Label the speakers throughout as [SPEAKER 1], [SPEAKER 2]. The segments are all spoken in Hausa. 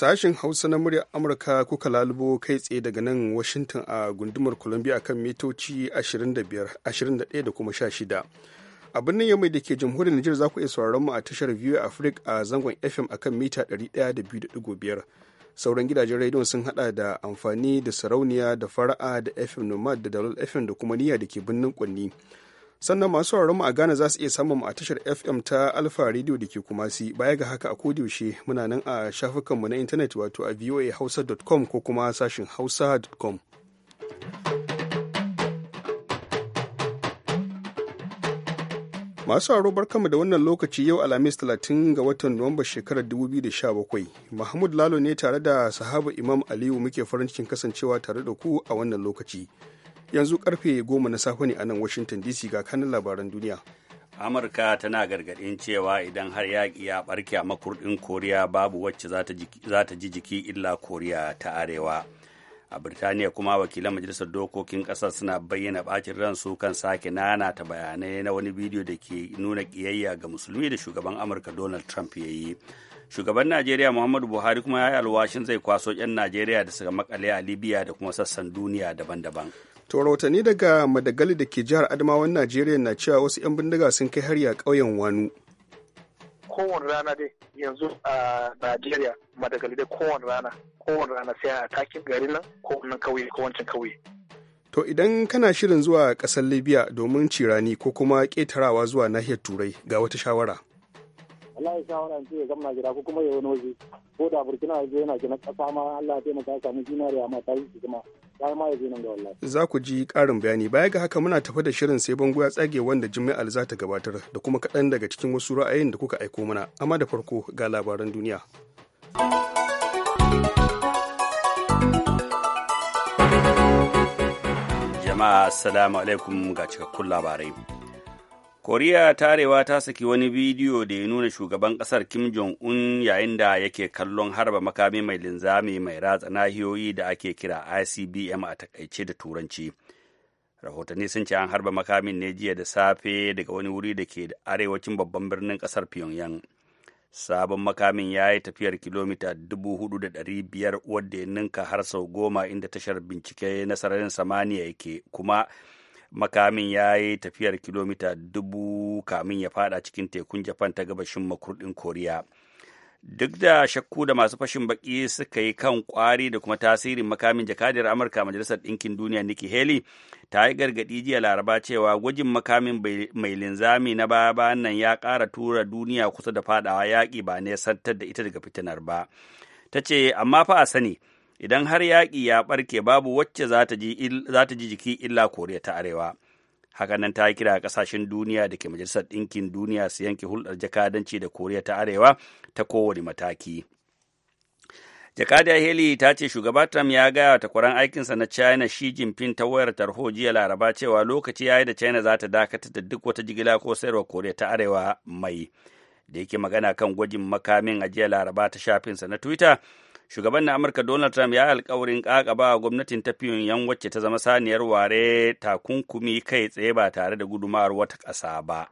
[SPEAKER 1] Sashen Hausa na muryar Amurka kuka lalubo kai tsaye daga nan Washington a gundumar Columbia akan mitoci 25, 21 da kuma 16. A birnin Yamai da ke jamhuriyar Nijar za ku iya sauraron mu a tashar vio Africa a zangon FM akan mita 102.5. Sauran gidajen rediyon sun hada da amfani da sarauniya da fara'a da FM Nomad da Dalol FM da kuma niyya da ke birnin Kwanni. sannan masu sauraron mu a Ghana za su iya samun mu a tashar FM ta Alpha Radio da ke Kumasi baya ga haka a kodiyaushe muna nan a shafukanmu na intanet wato a voahausa.com ko kuma sashin hausa.com Masu haro barkamu da wannan lokaci yau Alhamis 30 ga watan Nuwamba shekarar 2017. Mahmud Lalo ne tare da sahaba Imam Aliyu muke farin cikin kasancewa tare da ku a wannan lokaci. yanzu karfe goma na safe ne a nan washington dc ga kanin labaran duniya
[SPEAKER 2] amurka tana gargaɗin cewa idan har yaƙi ya barke a makurɗin koriya babu wacce za ta ji jiki illa koriya ta arewa a birtaniya kuma wakilan majalisar dokokin ƙasar suna bayyana ɓacin su kan sake nana ta bayanai na wani bidiyo da ke nuna ƙiyayya ga musulmi da shugaban amurka donald trump ya yi shugaban najeriya muhammadu buhari kuma ya yi alwashin zai kwaso 'yan najeriya da suka makale a libya da kuma sassan duniya daban-daban
[SPEAKER 1] to rahotanni daga madagali da ke jihar adamawan najeriya na cewa wasu 'yan bindiga sun kai hari a ƙauyen wanu
[SPEAKER 2] kowane rana dai
[SPEAKER 3] yanzu a Najeriya madagali dai kowane rana kowane rana sai a takin garin nan ko wannan kauye ko wancan kauye.
[SPEAKER 1] To idan kana shirin zuwa ƙasar Libya domin cirani ko kuma ƙetarawa zuwa nahiyar Turai ga wata shawara.
[SPEAKER 3] wallahi shawara ce
[SPEAKER 4] ya na gida ko kuma ya wani waje ko da burkina yaje yana na kasa ma Allah ya taimaka ya samu ya ma ta yi su kuma ya ma yaje nan ga wallahi
[SPEAKER 1] za ku ji karin bayani baya ga haka muna tafi da shirin sai bango ya tsage wanda Jummai'al za ta gabatar da kuma kaɗan daga cikin wasu ra'ayin da kuka aiko mana amma da farko
[SPEAKER 2] ga labaran duniya jama'a assalamu alaikum ga cikakkun labarai koriya tarewa ta saki wani bidiyo da ya nuna shugaban kasar kim jong-un yayin da yake kallon harba makami mai linzami mai ratsa nahiyoyi da ake kira icbm a takaice da turanci rahotanni sun ce an harba makamin ne jiya da safe daga wani wuri da ke arewacin babban birnin kasar pyongyang sabon makamin ya yi tafiyar kilomita 4,500 wadda ya ninka har sau goma inda tashar bincike na sararin samaniya yake kuma makamin ya yi tafiyar kilomita dubu kamin ya fada cikin tekun japan ta gabashin makurdin koriya duk da shakku da masu fashin baki suka yi kan kwari da kuma tasirin makamin jakadiyar amurka majalisar ɗinkin duniya nikki haley ta yi gargaɗi jiya laraba cewa gwajin makamin mai linzami na baya bayan nan ya ƙara tura duniya kusa da fadawa yaƙi ba santar da ita daga fitinar ba ta ce amma fa a sani idan har yaƙi ya ɓarke babu wacce za ta ji jiki illa koriya ta arewa hakanan ta kira a ƙasashen duniya da ke majalisar ɗinkin duniya su yanke hulɗar jakadanci da koriya ta arewa ta kowane mataki jakadiya heli ta ce shugaba trump ya gaya wa takwaran aikinsa na china shi jinping ta wayar tarho jiya laraba cewa lokaci ya yi da china za ta dakatar da duk wata jigila ko sayarwa koriya ta arewa mai da yake magana kan gwajin makamin a laraba ta shafinsa na twitter shugaban na amurka donald trump ya alkawarin kakaba gwamnatin ta yan wacce ta zama saniyar ware takunkumi kai tsaye ba tare da gudumawar wata ƙasa ba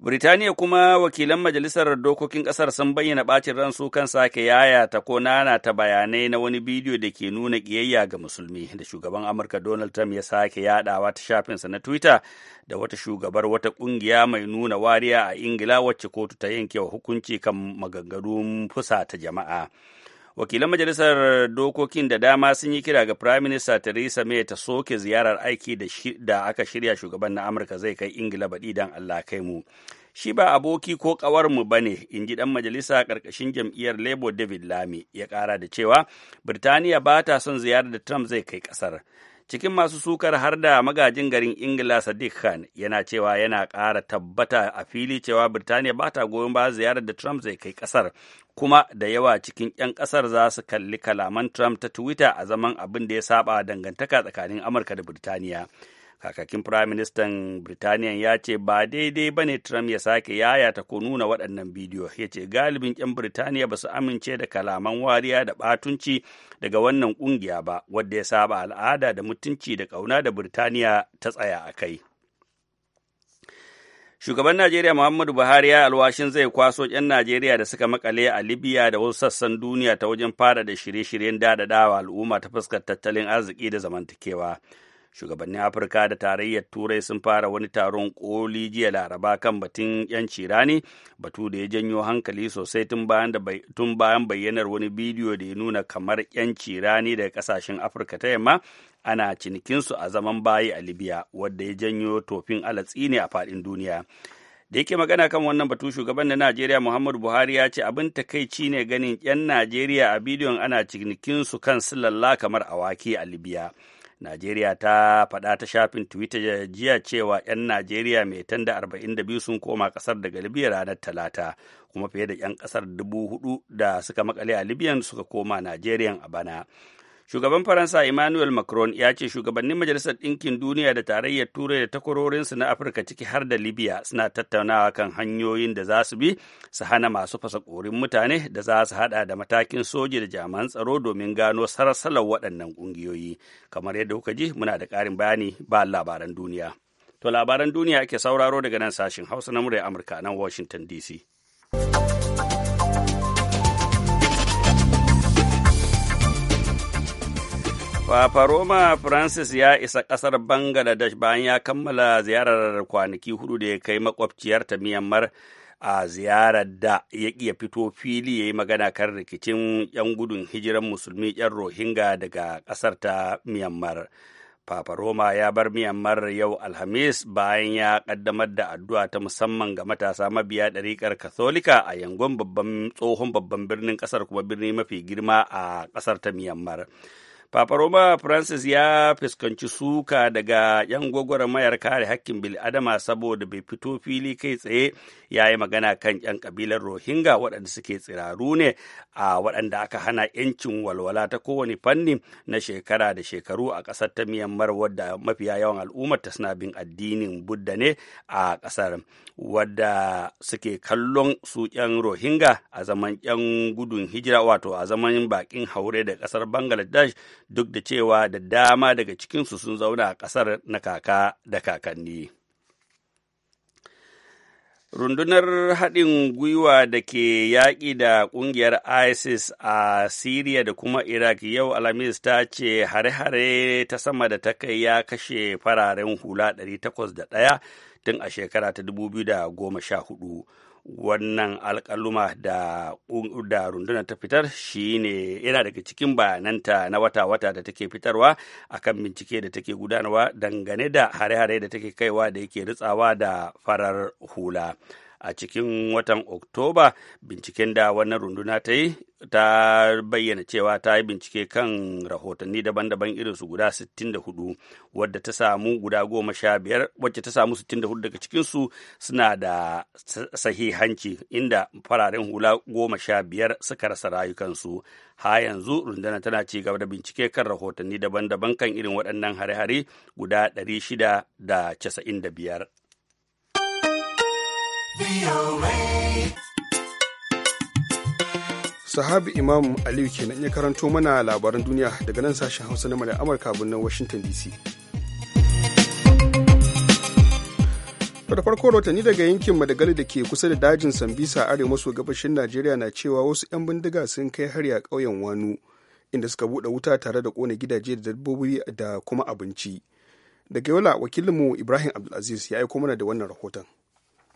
[SPEAKER 2] Burtaniya kuma wakilan Majalisar Dokokin Ƙasar sun bayyana ɓacin ransu kan sake yayata ko nana ta bayanai na wani bidiyo da ke nuna ƙiyayya ga musulmi da shugaban Amurka Donald Trump ya sake yaɗawa ta shafinsa na Twitter da wata shugabar wata ƙungiya mai nuna wariya a Ingila wacce kotu ta yanke hukunci kan maganganun fusa ta jama'a. wakilan majalisar dokokin da dama sun yi kira ga prime minister theresa may ta soke ziyarar aiki da aka shirya shugaban na amurka zai kai ingila baɗi don allah kai mu shi ba aboki ko ƙawarmu ba ne in ji ɗan majalisa ƙarƙashin jam'iyyar labour david lami ya ƙara da cewa birtaniya ba ta son ziyarar da trump zai kai ƙasar cikin masu sukar har da magajin garin ingila sadiq khan yana cewa yana kara tabbata a fili cewa birtaniya ba ta goyon ba ziyarar da trump zai kai ƙasar kuma da yawa cikin 'yan ƙasar za su kalli kalaman trump ta twitter a zaman abin da ya saba dangantaka tsakanin amurka da birtaniya kakakin firaministan birtaniya ya ce ba daidai ba ne trump ya sake yayata ko nuna waɗannan bidiyo ya ce galibin 'yan birtaniya ba su amince da kalaman wariya da batunci daga wannan ƙungiya ba wadda ya saba al'ada da mutunci da ƙauna da birtaniya ta tsaya a kai shugaban najeriya muhammadu buhari ya alwashin zai kwaso 'yan najeriya da suka makale a libya da wasu sassan duniya ta wajen fara da shirye-shiryen dadadawa al'umma ta fuskar tattalin arziki da zamantakewa shugabannin afirka da tarayyar turai sun fara wani taron koli jiya laraba kan batun yanci rani batu da ya janyo hankali sosai tun bayan bayyanar wani bidiyo da ya nuna kamar yanci rani daga kasashen afirka ta yamma ana cinikinsu a zaman bayi a libya wadda ya janyo tofin alatsi ne a faɗin duniya da yake magana kan wannan batu shugaban na najeriya muhammadu buhari ya ce abin takaici ne ganin 'yan najeriya a bidiyon ana cinikinsu kan silalla kamar awaki a libya Najeriya ta faɗa ta shafin Twitter jiya cewa 'yan Najeriya mai da 42 sun koma ƙasar daga Libya ranar Talata, kuma fiye da 'yan ƙasar dubu hudu da suka makale a Libyan suka koma Najeriya a bana. Shugaban Faransa Emmanuel Macron ya ce shugabannin Majalisar Ɗinkin Duniya da Tarayyar Turai da takwarorinsu na Afirka ciki har da Libya suna tattaunawa kan hanyoyin da za su bi su hana masu fasa ƙorin mutane da za su haɗa da matakin soji da jami'an tsaro domin gano sarasalar waɗannan ƙungiyoyi. Kamar yadda kuka ji muna da ƙarin bayani ba labaran duniya. To labaran duniya ake sauraro daga nan sashen Hausa na murya Amurka nan Washington DC. Faroma Francis ya isa ƙasar Bangladesh bayan ya kammala ziyarar kwanaki hudu da ya kai makwabciyarta Myanmar a ziyarar da ya iya fito fili ya yi magana kan rikicin 'yan gudun hijiran musulmi 'yan Rohingya daga ƙasar ta Myanmar. Papa Roma ya bar Myanmar yau Alhamis bayan ya ƙaddamar da addu'a ta musamman ga matasa mabiya ɗariƙar Katolika a yangon babban tsohon babban birnin ƙasar kuma birni mafi girma a ƙasar ta Myanmar. Papa Roma Francis ya fuskanci suka daga 'yan gwagwarmayar kare hakkin bil'adama saboda bai fito fili kai tsaye ya yi magana kan 'yan kabilar Rohingya waɗanda suke tsiraru ne a waɗanda aka hana 'yancin walwala ta kowane fanni na shekara da shekaru a ƙasar ta Myanmar wadda mafiya yawan al'ummar ta suna bin addinin buddha ne a ƙasar wadda suke kallon su 'yan Rohingya a zaman 'yan gudun hijira wato a zaman baƙin haure da ƙasar Bangladesh duk da cewa da dama daga cikinsu sun zauna a ƙasar na kaka da kakanni. Rundunar haɗin gwiwa da ke yaƙi da ƙungiyar ISIS a Siriya da kuma Iraq yau Alhamis ta ce hare-hare ta sama da ta kai ya kashe fararen hula 801 tun a shekara ta 2014. wannan alkaluma da, da rundunar ta fitar shi ne yana daga cikin bayananta na wata-wata da take fitarwa akan bincike da take gudanarwa dangane da hare-hare da take kaiwa da yake ritsawa da farar hula. a cikin watan oktoba binciken da wannan runduna ta yi ta bayyana cewa ta yi bincike kan rahotanni daban-daban irin su guda 64 wadda ta samu guda goma sha biyar wacce ta samu 64 daga cikinsu suna da sahihanci inda fararen hula goma sha biyar suka rasa rayukansu ha yanzu rundunar tana ci gaba da bincike kan rahotanni daban-daban kan irin waɗannan hare-hare guda 695
[SPEAKER 1] sahabi imam aliyu kenan ya karanto mana labaran duniya daga nan sashen hausa na murya amurka birnin washington dc da farko rahotanni daga yankin madagali da ke kusa da dajin sambisa arewa maso gabashin najeriya na cewa wasu 'yan bindiga sun kai hari a ƙauyen wanu inda suka buɗe wuta tare da ƙona gidaje da dabbobi da kuma abinci daga yola wakilinmu
[SPEAKER 5] ibrahim abdulaziz ya aiko mana da wannan rahoton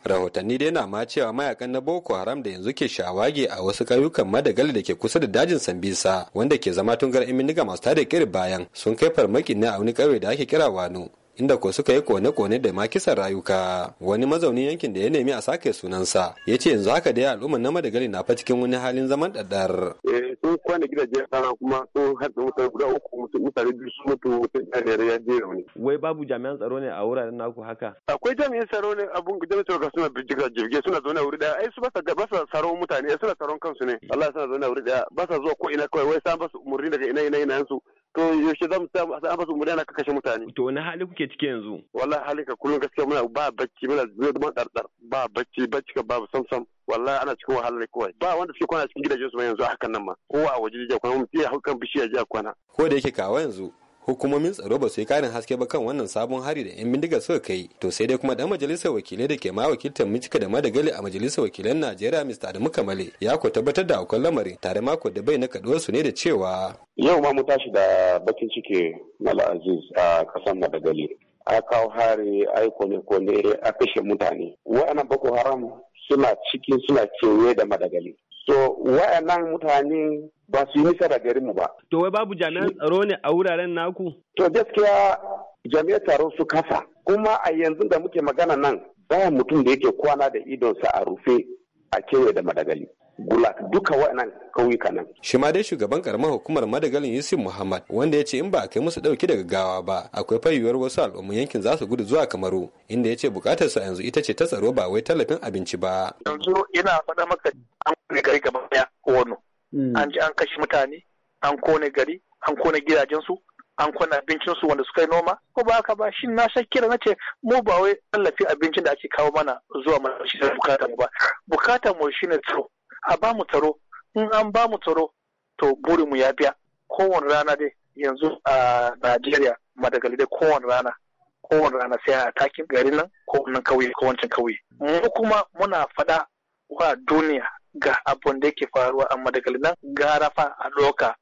[SPEAKER 5] rahotanni dai na ma cewa mayakan na boko haram da yanzu ke shawage a wasu ƙauyukan madagal da ke kusa da dajin sambisa wanda ke zama tungar iminiga masu tada kiri bayan sun kai farmaki ne a wani ƙauye da ake kira wano inda ko suka yi kone-kone da ma kisan rayuka wani mazaunin yankin da ya nemi a sake sunansa ya ce yanzu haka dai al'ummar na madagali na fa cikin wani halin zaman ɗaɗɗar.
[SPEAKER 6] Eh, sun kwana gidaje sana kuma sun harbe mutane guda uku mutane biyu sun mutu mutum ɗaya ya je rauni. wai babu jami'an tsaro ne a wuraren naku haka. akwai jami'an tsaro ne abun jami'an tsaro suna birjika jirgi suna zaune a wuri ɗaya ai su ba sa tsaron mutane suna tsaron kansu ne Allah suna zaune a wuri ɗaya ba sa zuwa ko ina kawai wai sa ba su umurni daga ina ina ina su to yaushe za mu san fasa mu ka kashe mutane
[SPEAKER 5] to wani hali kuke ciki yanzu
[SPEAKER 6] wallahi hali ka kullum gaskiya muna ba bacci muna zuwa da ɗarɗar ba bacci bacci ka babu samsam wallahi ana cikin wahalar kawai ba wanda suke kwana cikin gidajen su yanzu hakan nan ma kowa a waje jiya kwana mutum ya hau kan bishiya
[SPEAKER 5] jiya kwana ko da yake kawo yanzu hukumomin tsaro ba su yi karin haske ba kan wannan sabon hari da 'yan bindiga suka kai to sai dai kuma dan majalisar wakilai da ke ma wakiltar mijika da madagali a majalisar wakilan najeriya mr adamu kamale ya ko tabbatar da akwai lamarin tare mako da bai na kaduwar su ne da cewa
[SPEAKER 6] yau ma mu tashi da bakin ciki mala aziz a kasan madagali a kawo hari ai kone kone a kashe mutane wa'annan boko haram suna cikin suna kewaye da madagali so wayannan mutane ba su yi nisa da garin mu ba to wai babu jami'an tsaro ne a wuraren naku to gaskiya jami'an tsaro su kasa kuma a yanzu da muke magana nan ba mutum da yake kwana da idonsa a rufe a kewaye da madagali gulak
[SPEAKER 5] duka wa'annan kauyuka nan. shi ma dai shugaban karamar hukumar madagalin yusuf muhammad wanda ya ce in ba a kai musu dauki daga gawa ba akwai fayuwar wasu al'umman yankin za su gudu zuwa kamaru inda ya ce bukatar su yanzu ita ce ta tsaro ba wai tallafin abinci ba.
[SPEAKER 3] yanzu ina faɗa maka an kone gari gaba ɗaya kowanne. Hmm. an ji an kashe mutane an kone gari an kone gidajensu an kona abincinsu wanda suka yi noma ko ba haka ba shi na shakira na ce mu ba wai tallafi abincin da ake kawo mana zuwa mana shi da bukatar mu ba bukatar mu shine tsaro a ba mu tsaro in an ba mu tsaro to burinmu ya biya kowane rana dai yanzu a Najeriya madagali dai kowane rana kowane rana sai a takin garin nan ko wannan kauye ko wancan kauye mu kuma muna fada wa duniya ga abun da yake faruwa a madagali nan gara fa a doka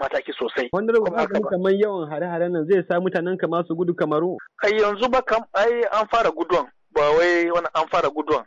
[SPEAKER 3] mataki
[SPEAKER 5] sosai. wannan rubutun kamar yawan hare hare nan zai sa mutanen kamar su gudu kamaru.
[SPEAKER 3] Ai yanzu ba kam ai an fara guduwan ba wai wani an fara guduwan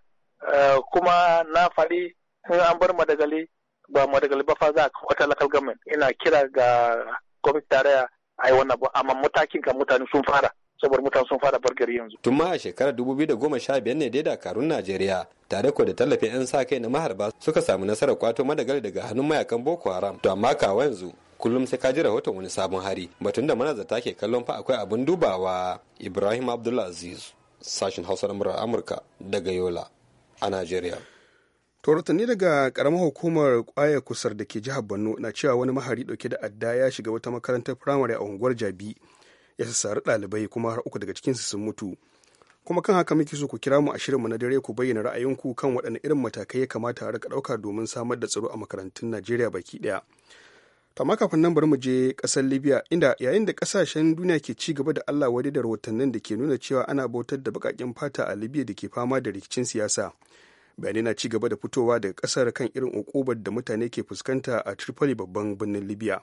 [SPEAKER 3] eh, kuma na faɗi in an bar madagali ba madagali ba fa za a kawo ina kira ga gwamnati tarayya a yi wannan ba amma matakin kan mutane sun fara saboda mutane sun fara bargari yanzu.
[SPEAKER 5] Tun ma a shekarar biyar ne dai dakarun Najeriya tare ko da tallafin 'yan sa kai na maharba suka samu nasarar kwato madagali daga hannun mayakan Boko Haram. To amma kawo yanzu kullum sai ka ji rahoton wani sabon hari batun da manazarta ke kallon fa akwai abin dubawa Ibrahim Abdulaziz sashin Hausa na murar Amurka daga Yola a Najeriya.
[SPEAKER 1] rahotanni daga karamar hukumar kwaya kusar da ke jihar borno na cewa wani mahari dauke da adda ya shiga wata makarantar firamare a unguwar jabi ya sassari ɗalibai kuma har uku daga cikinsu sun mutu kuma kan haka muke so ku kira mu a shirinmu na dare ku bayyana ra'ayinku kan waɗanne irin matakai ya kamata a rika ɗauka domin samar da tsaro a makarantun najeriya baki ɗaya to amma kafin nan bari mu je ƙasar libya inda yayin da ƙasashen duniya ke ci gaba da allah wadai da rahotannin da ke nuna cewa ana bautar da baƙaƙen fata a libya da ke fama da rikicin siyasa bayanai na ci gaba da fitowa daga kasar kan irin ukubar da mutane ke fuskanta a tripoli babban birnin libya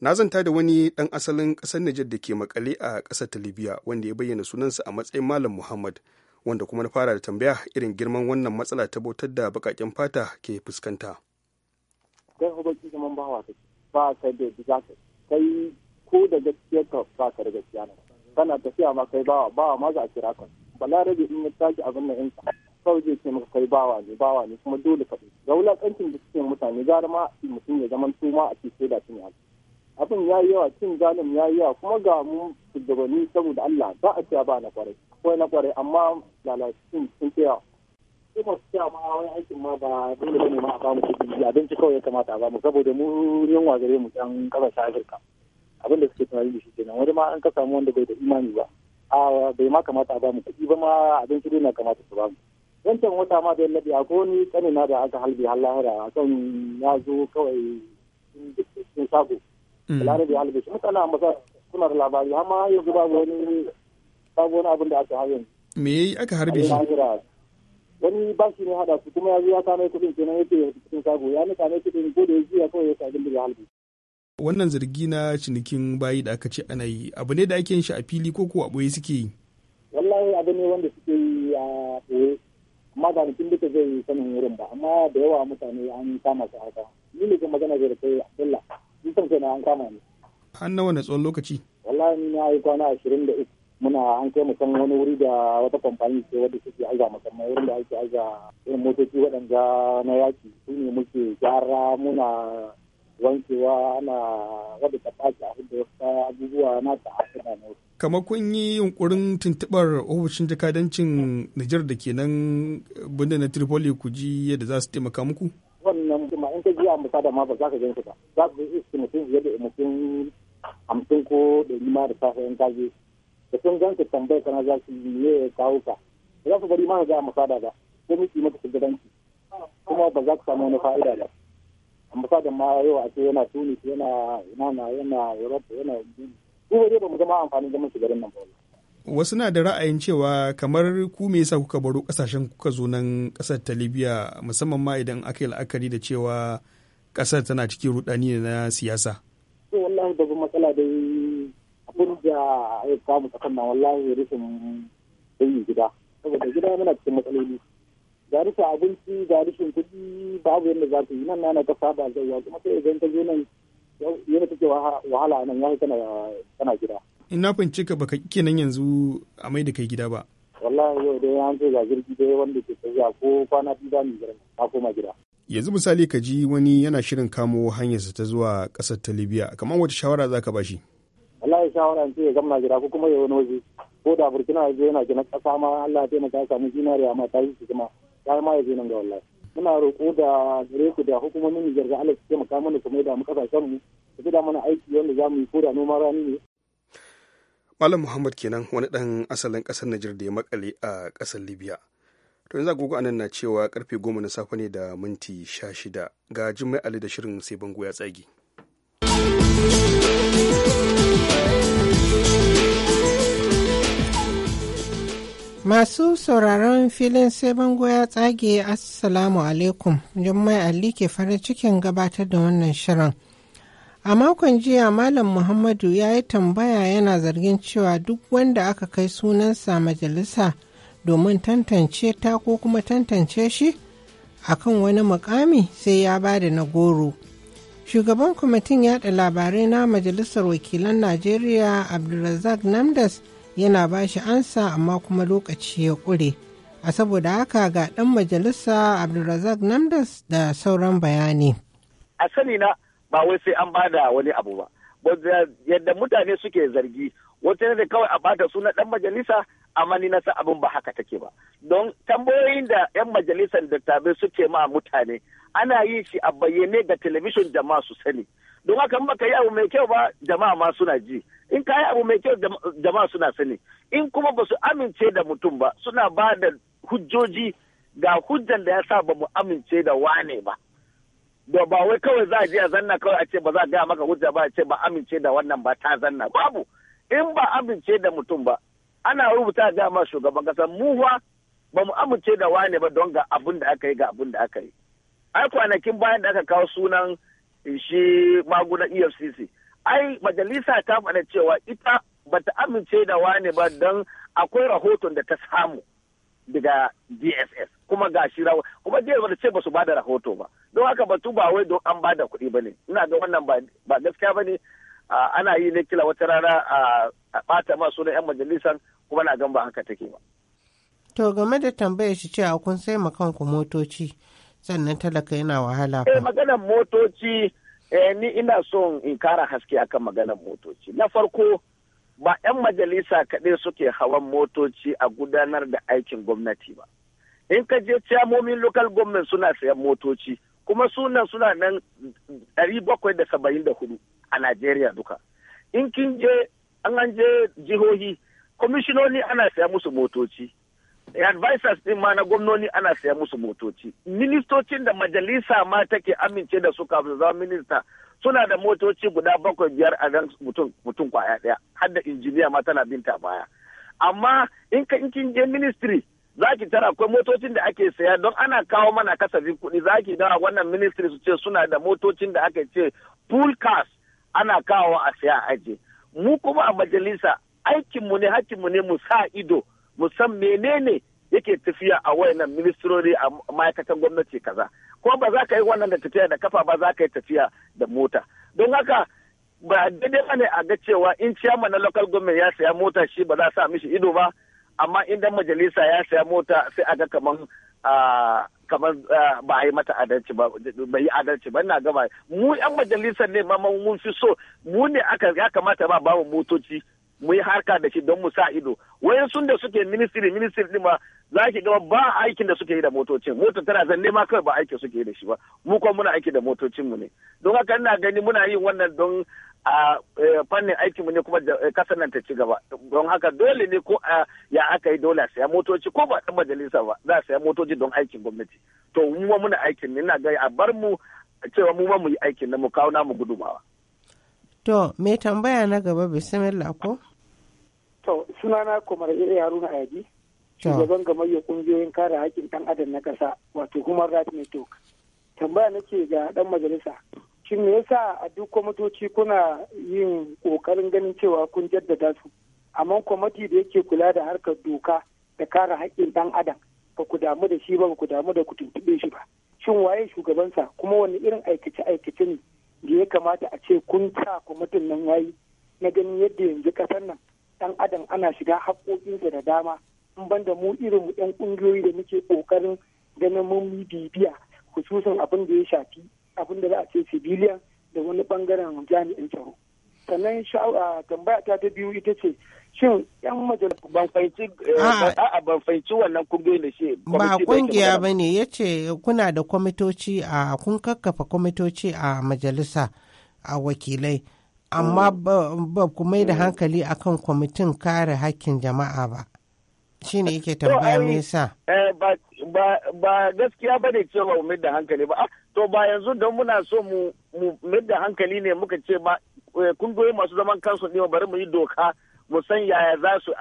[SPEAKER 1] na zanta da wani dan asalin kasar nijar da ke makale a kasar ta libya wanda ya bayyana sunansa a matsayin malam muhammad wanda kuma na fara da tambaya irin girman wannan matsala ta bautar da bakaken fata ke fuskanta
[SPEAKER 4] ko da ka ba ka da gaskiya kana tafiya ma kai ba ba ma za a kira ka balarabe in ya tashi abin nan in kawai zai ce maka kai bawa ne bawa ne kuma dole ka ɗauki ga wulaƙancin da suke mutane gara ma mutum ya zama tuma a ce sai da shi ne abin ya yi yawa cin zalim ya yi yawa kuma ga mu shugabanni saboda Allah ba a cewa ba na kwarai ko na kwarai amma lalacin sun ce yawa sai masu cewa ma wani aikin ma ba dole bane ma a bamu kuɗi abinci kawai ya kamata a bamu saboda mu yunwa gare mu ɗan ƙasashen Afirka abin da suke tunani da shi kenan wani ma an ka samu wanda bai da imani ba a bai ma kamata a bamu kuɗi ba ma abinci dai na kamata su bamu wancan wata ma da ya labe a goni kanina da aka halbe har lahira a kan ya zo kawai cikin sago ya mm. halbe shi mutane masa suna da labari amma yanzu zuba wani babu wani abin da aka hayan
[SPEAKER 1] me yi aka harbe shi
[SPEAKER 4] wani bashi ne hada su kuma ya zo ya kame kudin kenan yake cikin sago ya nika ne kudin ko da ya jiya kawai ya sa abin da ya halbe
[SPEAKER 1] wannan zargi na cinikin bayi da aka ce ana yi abu ne da ake yin shi a fili ko ko a boye suke yi
[SPEAKER 4] wallahi abu ne wanda suke yi a ɓoye. amma ba mutum duka zai sanin wurin ba amma da yawa mutane an kama su haka ni ne kuma magana zai kai Abdullah ni san kai na an kama ni
[SPEAKER 1] an nawa na tsawon lokaci
[SPEAKER 4] wallahi ni na yi kwana ashirin da uku muna an kai musan wani wuri da wata kamfani ce wadda suke aiza musamman wurin da ake aiza irin motoci waɗanda na yaki su ne muke gyara muna wankewa ana ta tafaki a hudu wasu abubuwa na ta asina na wasu.
[SPEAKER 1] Kamar kun yi yunkurin tuntubar ofishin jakadancin Nijar da ke nan bunda na Tripoli ku ji yadda za su taimaka muku?
[SPEAKER 4] Wannan kuma in ka ji musa da ma ba za ka gan ba. Za ka yi su mutum fiye da mutum hamsin ko ɗari ma da safe in ka je. Da sun gan ka tambayar kana za su yi kawo ka. Ba za su bari ma ga musa da ba. Ko miki mata shugabanci. Kuma ba za ka samu wani fa'ida ba. ambasadan ma yau a ce yana tunis yana yana yana europe yana kuma dai ba mu zama amfanin zaman su garin nan ba
[SPEAKER 1] wasu na da ra'ayin cewa kamar ku me yasa kuka baro kasashen kuka zo nan kasar ta libya musamman ma idan aka yi la'akari da cewa kasar tana cikin rudani na siyasa
[SPEAKER 4] to wallahi babu matsala dai abin da ya samu tsakan nan wallahi rufin yi gida saboda gida muna cikin matsaloli ga rufe abinci ga rashin kuɗi babu yadda za su yi nan na ka saba zaiwa kuma sai idan ka zo nan yana take wahala nan ya kana kana gida
[SPEAKER 1] in na fahimci ka baka nan yanzu a mai da kai gida ba
[SPEAKER 4] wallahi yau dai an ce ga jirgi dai wanda ke tafiya ko kwana biyu ba ni na koma gida
[SPEAKER 1] yanzu misali ka ji wani yana shirin kamo hanyarsa ta zuwa ƙasar ta libya kamar wata shawara za ka bashi
[SPEAKER 4] wallahi shawara in ce ya gama gida ko kuma ya wani waje ko da burkina yanzu yana gina ƙasa ma allah ya taimaka ya samu zinariya ma ta yi su kuma kai ma yaje nan ga wallahi muna roƙo da gare ku da hukumomin Niger ga Allah su taimaka mana kuma da mu kasashen mu su da mana aiki wanda za mu yi ko da noman rani ne
[SPEAKER 1] Malam Muhammad kenan wani ɗan asalin ƙasar Niger da ya makale a kasar Libya. To yanzu agogo anan na cewa karfe goma na safe ne da minti 16 ga Jummai Ali da shirin sai bango ya tsage.
[SPEAKER 7] Masu sauraron filin sai bango ya tsage Assalamu alaikum, Jummai Ali ke farin cikin gabatar da wannan shirin. A makon jiya Malam Muhammadu ya yi tambaya yana zargin cewa duk wanda aka kai sunansa majalisa domin tantance ta ko kuma tantance shi akan wani mukami sai ya ba da na goro. Shugaban kwamitin yaɗa labarai na Majalisar Wakilan Najeriya Abdulrazak Namdas. yana ba shi ansa amma kuma lokaci ya ƙure a saboda haka ga ɗan majalisa abdulrazak namdas da sauran bayani
[SPEAKER 8] a sani na ba wai sai an bada wani abu ba yadda mutane suke zargi wata ne kawai a bata suna ɗan majalisa amma ni na sa abin ba haka take ba don tambayoyin da 'yan majalisar dattabai suke ma mutane ana yi shi a bayyane ga talabishin jama'a su sani don haka in baka yi abu mai kyau ba jama'a ma suna ji in ka yi abu mai kyau jama'a suna sani in kuma ba su amince da mutum ba suna ba da hujjoji ga hujjan da ya sa ba mu amince da wane ba da ba wai kawai za a je a zanna kawai a ce ba za a gaya maka hujja ba a ce ba amince da wannan ba ta zanna babu in ba amince da mutum ba ana rubuta ga ma shugaban kasa mu ba mu amince da wane ba don ga abin da aka yi ga abin da aka yi ai kwanakin bayan da aka kawo sunan shi magunan efcc ai majalisa ta faɗa cewa ita bata amince da wane ba don akwai rahoton da ta samu daga dss kuma ga shi rawa kuma dai ba ce ba su bada rahoto ba don haka batu ba wai don an bada kuɗi ba ne ina ga wannan ba gaskiya ba ne ana yi ne kila wata rana a ɓata ma sunan yan majalisan kuma na gan ba haka take ba.
[SPEAKER 7] to game da tambayar shi cewa kun sai ma kanku motoci sannan talaka yana wahala eh
[SPEAKER 8] maganar motoci eh ni ina son in kara haske akan maganar motoci na farko ba 'yan majalisa kaɗai suke hawan motoci a gudanar da aikin gwamnati ba in ka je ciyamomin local government suna sayan motoci kuma sunan suna nan hudu a Najeriya duka in kin je an an je jihohi kwamishinoni ana saya musu motoci advisors din ma na gwamnoni ana saya musu motoci ministocin da majalisa ma take amince da su kafin zama minista suna da motoci guda bakwai biyar a nan mutum mutum kwaya daya har injiniya ma tana binta baya amma in ka kin je ministry za ki tara akwai motocin da ake saya don ana kawo mana kasafin kuɗi za ki dawa wannan ministry su ce suna da motocin da aka ce pool cars ana kawo a saya aje mu kuma a majalisa aikinmu ne hakkinmu ne mu sa ido musan menene yake tafiya a wayannan ministrori a ma'aikatan gwamnati kaza ko ba za ka yi wannan da tafiya da kafa ba za ka yi tafiya da mota don haka ba daidai ba ne a ga cewa in ciyama na local government ya saya mota shi ba za sa mishi ido ba amma in dan majalisa ya saya mota sai a ga kaman kamar ba a yi mata adalci ba bai yi adalci ba ina gaba mu yan majalisar ne ma mun fi so mu ne aka ya kamata ba bamu motoci mu yi harka da shi don mu sa ido wayan sun da suke ministry ministry din ma za ki ga ba aikin da suke yi da motocin motar tana zanne ma kai ba aiki suke yi da shi ba mu kuma muna aiki da motocin mu ne don haka ina gani muna yin wannan don a e, fannin aikin mu ne kuma e, kasar nan ta ci gaba don haka dole ne ko ya aka yi dole a motoci ko ba dan majalisa ba za sai saya motoci don aikin gwamnati to mu muna aikin ne ina ga a bar mu cewa mu ma mu yi aikin na mu kawo mu gudumawa
[SPEAKER 7] to me tambaya na gaba bismillah ko
[SPEAKER 9] To sunana Kumar Iri Haruna Yaji, shugaban gamayyar kungiyoyin kare haƙƙin ɗan adam na ƙasa wato Human Rights Network. Tambaya nake ga ɗan majalisa. Shin me yasa a duk kwamitoci kuna yin ƙoƙarin ganin cewa kun jaddada su? Amma kwamiti da yake kula da harkar doka da kare haƙƙin ɗan adam ba ku damu da shi ba ba ku damu da ku tuntuɓe shi ba. Shin waye shugabansa kuma wani irin aikace-aikace ne da ya kamata a ce kun sa kwamitin nan yayi na ganin yadda yanzu ƙasar nan ɗan adam ana shiga haƙoƙinsa da dama in ban da mu irin mu ɗan ƙungiyoyi da muke ƙoƙarin ganin mun bibiya hususan abin da ya shafi abin da za a ce civilian da wani ɓangaren jami'in tsaro sannan tambaya ta ta biyu ita ce shin yan majalisar ban fahimci eh,
[SPEAKER 8] a ban fahimci wannan kungiyoyin da shi ba kungiya ba
[SPEAKER 7] ne ya ce kuna da kwamitoci a kun kakkafa kwamitoci a majalisa a wakilai amma oh. ba ku mai da hankali akan kwamitin kare hakkin jama'a ba shi ne yake tambaya me yasa
[SPEAKER 8] eh, ba gaskiya ba ne cewa mu da hankali ba ah, to ba yanzu don muna so mu mai da hankali ne muka ce ba. Eh, kungiyoyi masu zaman kansu ne bari mu yi doka mu san yaya za su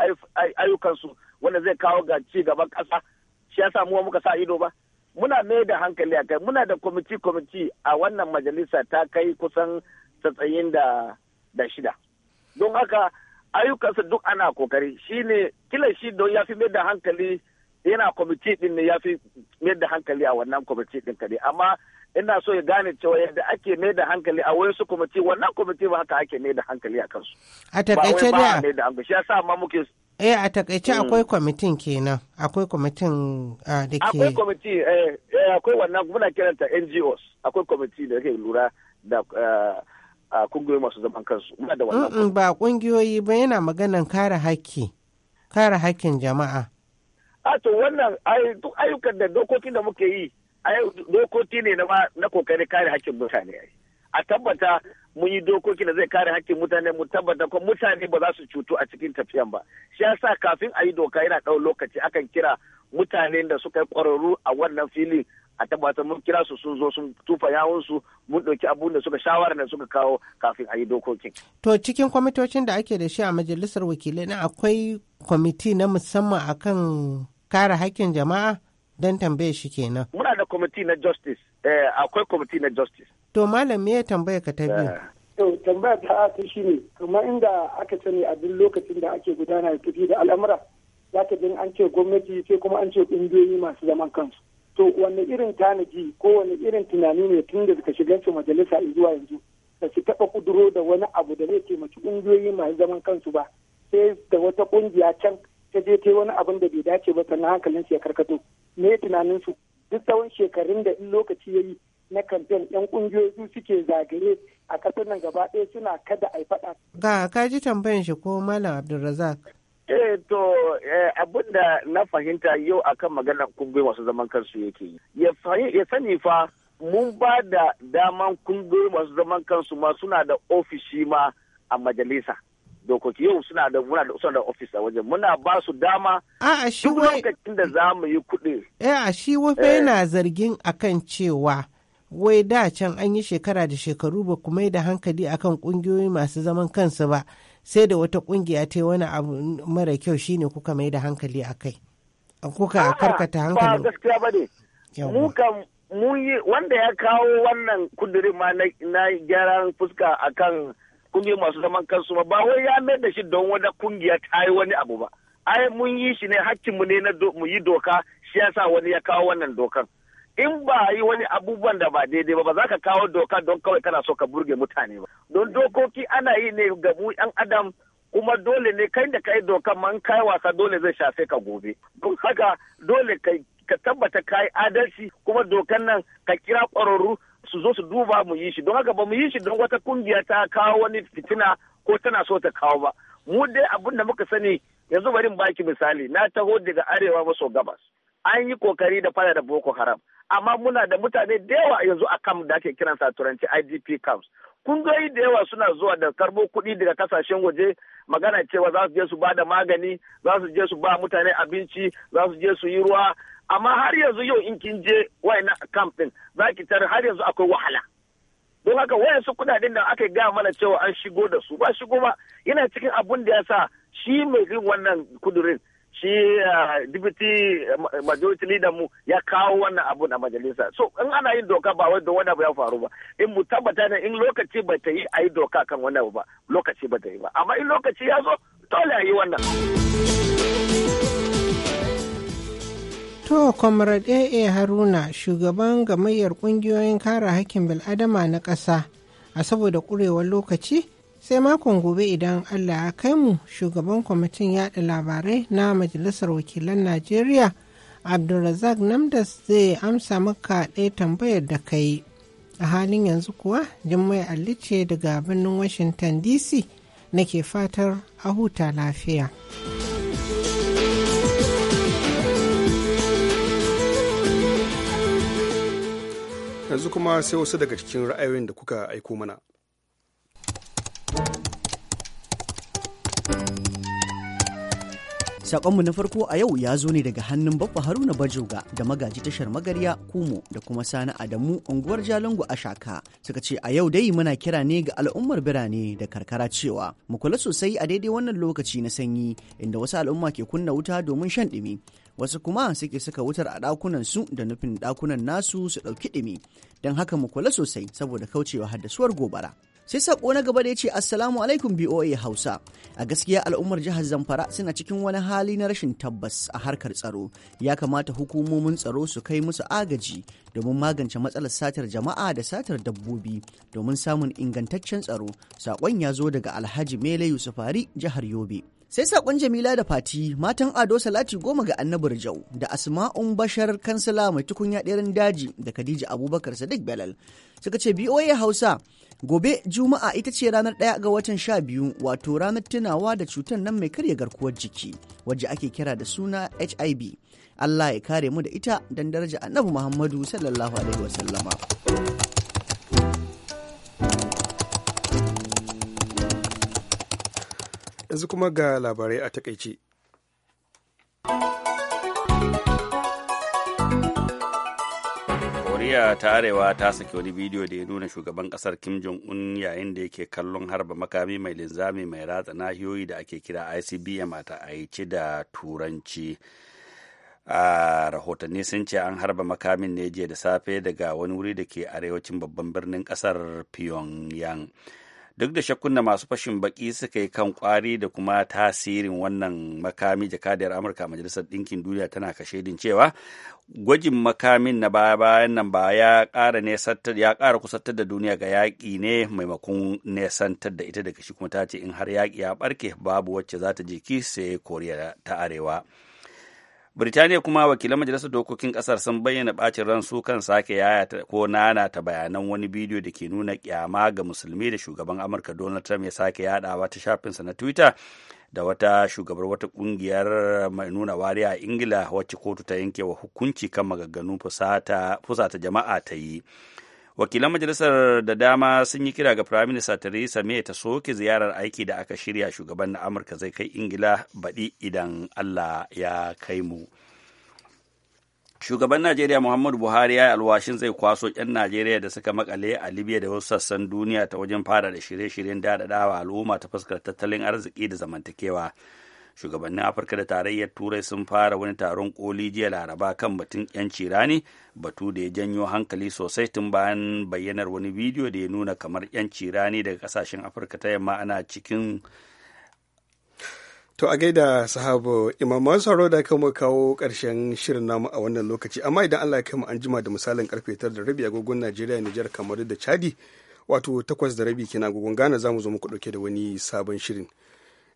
[SPEAKER 8] ayyukansu wanda zai kawo ga ci gaban ƙasa shi yasa mu muka sa ido ba muna mai da hankali a muna da kwamiti kwamiti a wannan majalisa ta kai kusan tsayin da da shida don haka ayyukansa duk ana kokari shine kila shi don ya fi mai da hankali yana kwamiti din ne ya fi mai da hankali a wannan kwamiti din kare amma ina so ya gane cewa yadda ake mai da hankali a wayansu kwamiti wannan kwamiti ba haka ake mai da hankali a kansu
[SPEAKER 7] a takaice da mai
[SPEAKER 8] da hankali shi muke
[SPEAKER 7] eh a takaice mm. akwai kwamitin kenan akwai kwamitin ah, da ke akwai
[SPEAKER 8] kwamiti eh, eh akwai wannan muna kiranta NGOs akwai kwamiti da ke lura da ah, a kungiyoyi masu zaman kansu da
[SPEAKER 7] ba kungiyoyi ba yana maganan kare haƙƙi kare haƙƙin jama'a
[SPEAKER 8] a to wannan ayyukan da dokokin da muke yi dokoki ne na kokari kare haƙƙin mutane a tabbata mun yi dokoki da zai kare hakkin mutane mu tabbata ko mutane ba za su cutu a cikin tafiyan ba shi yasa kafin a yi doka yana ɗau lokaci akan kira mutanen da suka yi ƙwararru a wannan filin a tabbatar mun kira su sun zo sun tufa su mun ɗauki abun da suka shawara da suka kawo kafin a yi dokokin.
[SPEAKER 7] To cikin kwamitocin da ake da shi a majalisar wakilai na akwai kwamiti na musamman akan kare haƙƙin jama'a don tambaye shi kenan.
[SPEAKER 8] Muna da kwamiti na justice,
[SPEAKER 9] eh, akwai kwamiti na justice.
[SPEAKER 7] To malam me ya tambaye ka ta biyu? Eh.
[SPEAKER 9] To tambaya ta ta shi ne, kamar inda aka sani a duk lokacin da ake gudanar da al'amura, za ka an ce gwamnati sai kuma an ce ƙungiyoyi masu zaman kansu. to wanne irin tanaji ko wanne irin tunani ne tun da suka shiga su majalisa zuwa yanzu da su taɓa kuduro da wani abu da zai taimaki ƙungiyoyi masu zaman kansu ba sai da wata ƙungiya can ta je ta wani abun da bai dace ba sannan hankalin su ya karkato me tunanin su duk tsawon shekarun da in lokaci ya yi na kamfen yan ƙungiyoyi su suke zagaye a ƙasar nan gaba ɗaya suna kada a yi
[SPEAKER 7] faɗa. ga kaji tambayan shi ko malam abdulrazak.
[SPEAKER 9] Eh to eh, abin
[SPEAKER 8] da na fahimta yau akan magana kungiyoyi masu zaman kansu yake yi. Ya sani fa mun ba da daman kungiyoyi masu zaman kansu ma suna da ofishi ma a majalisa. Dokoki yau suna da muna da suna da ofis a wajen muna ba su dama duk lokacin da za mu yi kuɗi.
[SPEAKER 7] Eh a shi wafe eh. yana zargin akan cewa wai da can an yi shekara da shekaru ba kuma da hankali akan kungiyoyi masu zaman kansu ba. sai da wata kungiya ta wani abu mara kyau shine kuka mai da hankali a kai kuka karkata hankali
[SPEAKER 8] gaskiya ba ne mu kan wanda ya kawo wannan kudirin ma na gyaran fuska akan kungiyar masu zaman kansu ba ba wai ya mai da shi don wani kungiya ta yi wani abu ba ai mun yi shi ne hakkinmu ne na mu yi doka shi yasa wani ya kawo wannan dokan in ba yi wani abubuwan da ba daidai ba ba za ka kawo doka don kawai kana so ka burge mutane ba don dokoki ana yi ne ga mu yan adam kuma dole ne kai da kai dokan man kai wasa dole zai shafe ka gobe don haka dole kai ka tabbata ka adalci kuma dokan nan ka kira kwararru su zo su duba mu yi shi don haka ba mu yi shi don wata kungiya ta kawo wani fitina ko tana so ta kawo ba mu dai abin da muka sani yanzu bari baki misali na taho daga arewa maso gabas an yi kokari da fara da boko haram amma muna da mutane da yawa yanzu a kam da ake kiran sa turanci idp camps kungiyoyi da yawa suna zuwa da karbo kuɗi daga kasashen waje magana cewa za su je su ba da magani za su je su ba mutane abinci za su je su yi ruwa amma har yanzu yau in kin je wayan camp din za ki tar har yanzu akwai wahala don haka wayansu kuɗaɗen da aka gaya mana cewa an shigo da su ba shigo ba yana cikin abun da ya sa shi mai yin wannan kudurin shi uh, deputy uh, majority leader mu ya kawo wannan abun a majalisa so in ana yin doka ba wai wani abu ya faru ba in mu tabbata ne in lokaci ba ta yi a yi doka kan wani abu ba lokaci ba ta yi ba amma in lokaci ya zo dole a yi wannan
[SPEAKER 7] To, Comrade AA Haruna, shugaban gamayyar ƙungiyoyin kare hakkin bil'adama na ƙasa, a saboda ƙurewar lokaci, sai makon gobe idan allah ya kai mu shugaban kwamitin yaɗa labarai na majalisar wakilan najeriya abdulrazak namdas zai amsa maka ɗaya tambayar da ka yi a halin yanzu kuwa jimmai alice daga birnin washington dc nake fatar a huta lafiya.
[SPEAKER 1] yanzu kuma sai wasu daga cikin ra'ayoyin da kuka aiko mana
[SPEAKER 10] Sakonmu na farko a yau ya zo ne daga hannun Baffa Haruna Bajoga da magaji tashar magarya Kumo da kuma Sani Adamu unguwar Jalangu a Shaka. Suka ce a yau dai muna kira ne ga al'ummar birane da karkara cewa mu kula sosai a daidai wannan lokaci na sanyi inda wasu al'umma ke kunna wuta domin shan dimi Wasu kuma suke saka wutar a ɗakunan su da nufin ɗakunan nasu su ɗauki dimi Don haka mu kula sosai saboda kaucewa haddasuwar gobara. sai sako na gaba da ya ce assalamu alaikum boa hausa a gaskiya al'ummar jihar zamfara suna cikin wani hali na rashin tabbas a harkar tsaro ya kamata hukumomin tsaro su kai musu agaji domin magance matsalar satar jama'a da satar dabbobi domin samun ingantaccen tsaro sakon ya zo daga alhaji mele yusufari jihar yobe sai sakon jamila da fati matan ado salati goma ga annabar jau da asma'un bashar kansila mai tukunya ɗerin daji da khadija abubakar sadiq belal suka ce boa hausa Gobe Juma'a ita ce ranar ɗaya ga watan sha biyu wato ranar tunawa da cutar nan mai karya garkuwar jiki wajen ake kira da suna HIV. Allah ya kare mu da ita don daraja annabi Muhammadu sallallahu alaihi wasallama.
[SPEAKER 1] Yanzu kuma ga labarai a takaice.
[SPEAKER 2] koriya ta arewa ta saki wani bidiyo da ya nuna shugaban kasar kim jong un yayin da yake kallon harba makami mai linzami mai ratsa nahiyoyi da ake kira icbm a ta'aici da turanci a rahotanni sun ce an harba makamin ne jiya da safe daga wani wuri da ke arewacin babban birnin kasar pyongyang duk da shakkun da masu fashin baki suka yi kan kwari da kuma tasirin wannan makami jakadiyar amurka majalisar ɗinkin duniya tana din cewa gwajin makamin na baya bayan nan ba ya ƙara kusantar da duniya ga yaƙi ne maimakon nesantar da ita daga shi kuma ta ce in har yaƙi ya barke babu wacce za ta jiki sai koriya ta arewa Birtaniya kuma wakilan majalisar dokokin kasar sun bayyana bacin ran su kan sake yayata ko nana ta bayanan wani bidiyo da ke nuna kyama ga musulmi da shugaban Amurka Donald Trump ya sake yadawa ta shafin sa na Twitter da wata shugabar wata kungiyar mai nuna wariya a Ingila wacce kotu ta yanke wa hukunci kan maganganu fusata jama'a ta yi. wakilan majalisar da dama sun yi kira ga firaminista theresa may ta soke ziyarar aiki da aka shirya shugaban na amurka zai kai ingila baɗi idan allah ya kai mu shugaban najeriya muhammadu buhari ya yi alwashin zai kwaso 'yan najeriya da suka makale a libya da wasu sassan duniya ta wajen fara da shirye-shiryen daɗaɗawa al'umma ta fuskar tattalin arziki da zamantakewa shugabannin afirka da tarayyar turai sun fara wani taron koli jiya laraba kan batun yanci rani batu da ya janyo hankali sosai tun bayan bayyanar wani bidiyo da ya nuna kamar yanci rani daga kasashen afirka ta yamma ana cikin
[SPEAKER 1] To a gaida sahabo imam masaro da aka mu kawo karshen shirin namu a wannan lokaci amma idan Allah ya kai mu an jima da misalin karfe tara da rabi agogon Najeriya Nijar kamar da Chadi wato takwas da rabi kina agogon Ghana za mu zo muku dauke da wani sabon shirin.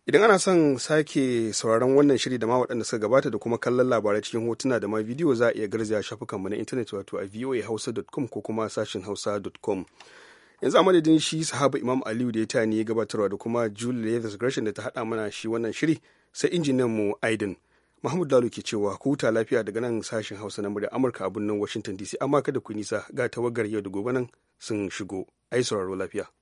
[SPEAKER 1] idan ana son sake sauraron wannan shiri da ma waɗanda suka gabata da kuma kallon labarai cikin hotuna da ma bidiyo za a iya garzaya shafukanmu na intanet wato a voahausa.com ko kuma sashin hausa.com yanzu a madadin shi sahaba imam aliyu da ya ta ya gabatarwa da kuma julie leathers gresham da ta haɗa mana shi wannan shiri sai injiniyan mu aidan muhammad lalu ke cewa ku huta lafiya daga nan sashin hausa na murya amurka a birnin washington dc amma kada ku nisa ga tawagar yau da gobe nan sun shigo ai sauraro lafiya